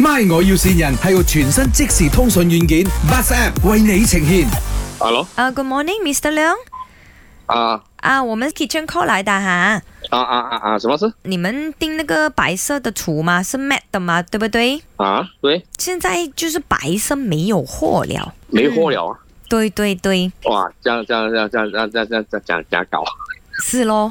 My 我要線人係個全新即時通訊軟件，Bus App 為你呈現。Hello，啊、uh, Good morning，Mr. 梁。啊啊，我們 Kitchen Call 來的哈。啊啊啊啊，什麼事？你們訂那個白色的櫥嗎？是 Mat 的嗎？對不對？啊，uh, 對。現在就是白色沒有貨了。沒貨了啊？嗯、對對對。哇，這樣這樣這樣這樣這樣這樣這樣搞，是咯。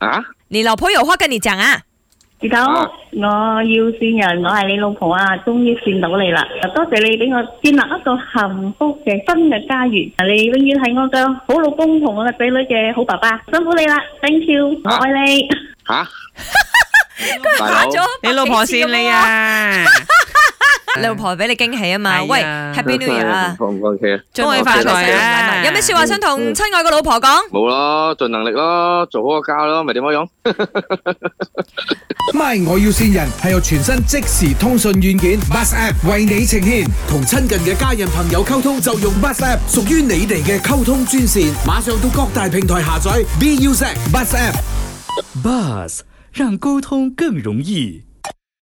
啊！你老婆有話跟你講啊！傑濤，我要線人，我係你老婆啊！終於線到你啦！多謝你俾我建立一個幸福嘅新嘅家園。你永遠係我嘅好老公同我嘅仔女嘅好爸爸，辛苦你啦！Thank you，我愛你。吓！佢打咗，你老婆線你啊！你老婆俾你驚喜啊嘛，喂，Happy New Year，仲可以發財啊！有咩說話想同親愛個老婆講？冇咯，盡能力咯，做好個家咯，咪點樣樣。唔係，我要線人係用全新即時通訊軟件 Bus App 為你呈現，同親近嘅家人朋友溝通就用 Bus App，屬於你哋嘅溝通專線，馬上到各大平台下載。Be Yourself Bus App，Bus 讓溝通更容易。